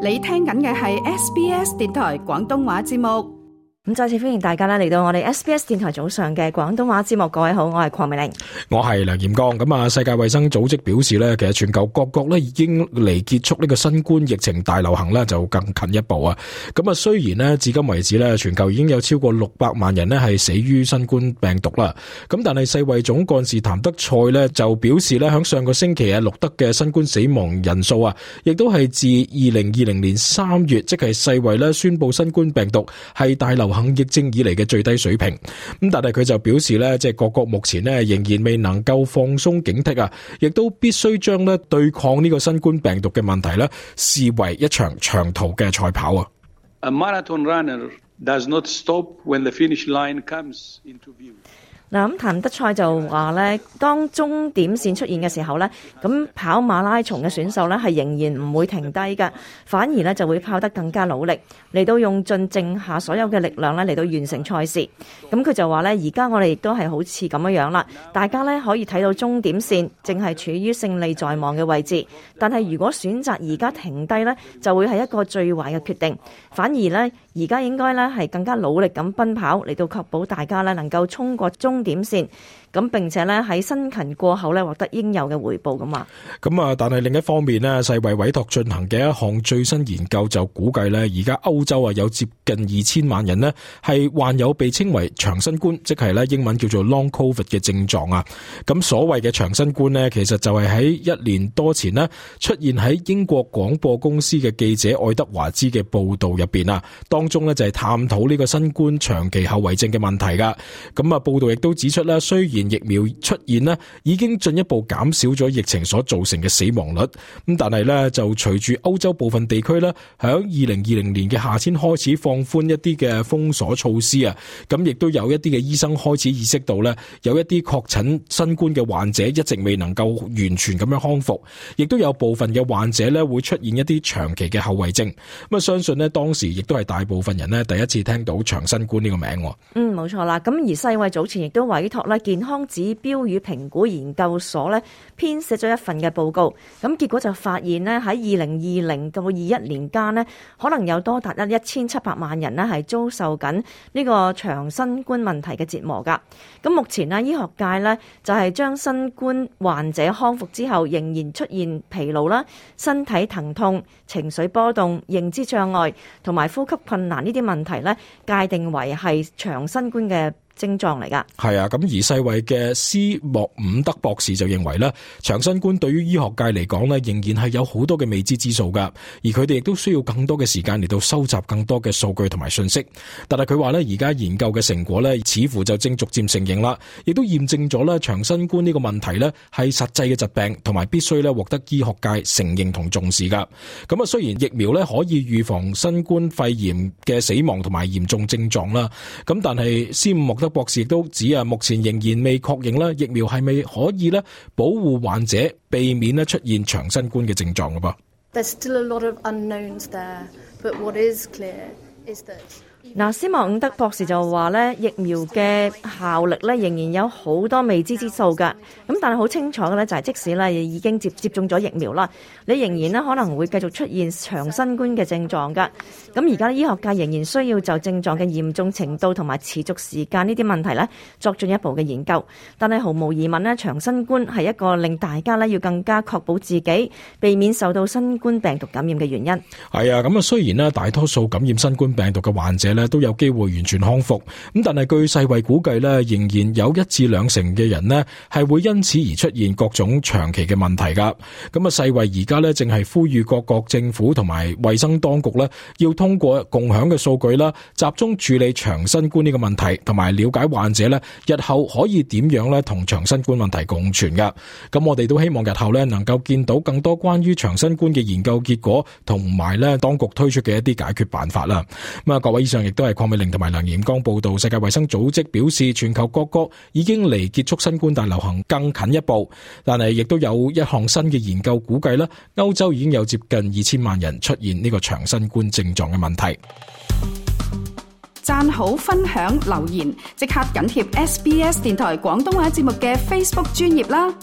你聽緊嘅係 SBS 電台廣東話節目。咁再次歡迎大家咧，嚟到我哋 SBS 電台早上嘅廣東話節目。各位好，我係鄺美玲，我係梁彥剛。咁啊，世界衛生組織表示咧，其實全球各國咧，已經離結束呢個新冠疫情大流行咧，就更近一步啊。咁啊，雖然咧，至今為止咧，全球已經有超過六百萬人咧係死於新冠病毒啦。咁但係世衛總幹事譚德塞咧就表示咧，響上個星期啊，錄得嘅新冠死亡人數啊，亦都係自二零二零年三月，即係世衛咧宣布新冠病毒係大流行。疫症以嚟嘅最低水平，咁但係佢就表示咧，即係各國目前咧仍然未能夠放鬆警惕啊，亦都必須將咧對抗呢個新冠病毒嘅問題咧視為一場長途嘅賽跑啊。嗱，咁譚德塞就話呢，當終點線出現嘅時候呢，咁跑馬拉松嘅選手呢係仍然唔會停低㗎，反而呢就會跑得更加努力，嚟到用盡剩下所有嘅力量呢嚟到完成賽事。咁佢就話呢，而家我哋亦都係好似咁樣樣啦，大家呢可以睇到終點線正係處於勝利在望嘅位置，但係如果選擇而家停低呢，就會係一個最壞嘅決定，反而呢，而家應該咧係更加努力咁奔跑，嚟到確保大家咧能夠衝過終點線。咁並且咧喺辛勤過後咧獲得應有嘅回報咁啊！咁啊，但係另一方面咧，世衛委託進行嘅一項最新研究就估計咧，而家歐洲啊有接近二千萬人咧係患有被稱為長新冠，即係咧英文叫做 long covid 嘅症狀啊！咁所謂嘅長新冠咧，其實就係喺一年多前咧出現喺英國廣播公司嘅記者愛德華茲嘅報道入邊啊，當中咧就係探討呢個新冠長期後遺症嘅問題噶。咁啊，報道亦都指出呢，雖然疫苗出現咧，已經進一步減少咗疫情所造成嘅死亡率。咁但係咧，就隨住歐洲部分地區咧，響二零二零年嘅夏天開始放寬一啲嘅封鎖措施啊，咁亦都有一啲嘅醫生開始意識到咧，有一啲確診新冠嘅患者一直未能夠完全咁樣康復，亦都有部分嘅患者咧會出現一啲長期嘅後遺症。咁啊，相信呢，當時亦都係大部分人呢第一次聽到長新冠呢個名。嗯，冇錯啦。咁而世衛早前亦都委託咧健康康指標與評估研究所咧，編寫咗一份嘅報告，咁結果就發現咧喺二零二零到二一年間咧，可能有多達一一千七百萬人咧係遭受緊呢個長新冠問題嘅折磨噶。咁目前咧，醫學界呢，就係將新冠患者康復之後仍然出現疲勞啦、身體疼痛、情緒波動、認知障礙同埋呼吸困難呢啲問題咧，界定為係長新冠嘅。症狀嚟噶，係啊！咁而世衛嘅斯莫伍德博士就認為咧，長新冠對於醫學界嚟講呢，仍然係有好多嘅未知之數噶。而佢哋亦都需要更多嘅時間嚟到收集更多嘅數據同埋信息。但係佢話呢，而家研究嘅成果呢，似乎就正逐漸承認啦，亦都驗證咗咧長新冠呢個問題呢，係實際嘅疾病同埋必須咧獲得醫學界承認同重視噶。咁啊，雖然疫苗呢可以預防新冠肺炎嘅死亡同埋嚴重症狀啦，咁但係斯莫伍德博士亦都指啊，目前仍然未確認啦疫苗係咪可以咧保護患者，避免咧出現長新冠嘅症狀噶噃。嗱，斯莫伍德博士就話咧，疫苗嘅效力咧仍然有好多未知之數噶。咁但係好清楚嘅咧，就係即使咧已經接接種咗疫苗啦，你仍然咧可能會繼續出現長新冠嘅症狀噶。咁而家醫學界仍然需要就症狀嘅嚴重程度同埋持續時間呢啲問題咧作進一步嘅研究。但係毫無疑問咧，長新冠係一個令大家咧要更加確保自己避免受到新冠病毒感染嘅原因。係啊，咁啊，雖然咧大多數感染新冠病毒嘅患者，都有機會完全康復，咁但係據世衛估計咧，仍然有一至兩成嘅人呢係會因此而出現各種長期嘅問題噶。咁啊，世衛而家咧正係呼籲各國政府同埋衛生當局咧，要通過共享嘅數據啦，集中處理長新冠呢個問題，同埋了解患者咧日後可以點樣咧同長新冠問題共存噶。咁我哋都希望日後咧能夠見到更多關於長新冠嘅研究結果，同埋咧當局推出嘅一啲解決辦法啦。咁啊，各位醫生。亦都係鄺美玲同埋梁炎光報道，世界衛生組織表示，全球各國已經離結束新冠大流行更近一步，但係亦都有一項新嘅研究估計啦，歐洲已經有接近二千萬人出現呢個長新冠症狀嘅問題讚。讚好分享留言，即刻緊貼 SBS 電台廣東話節目嘅 Facebook 專頁啦。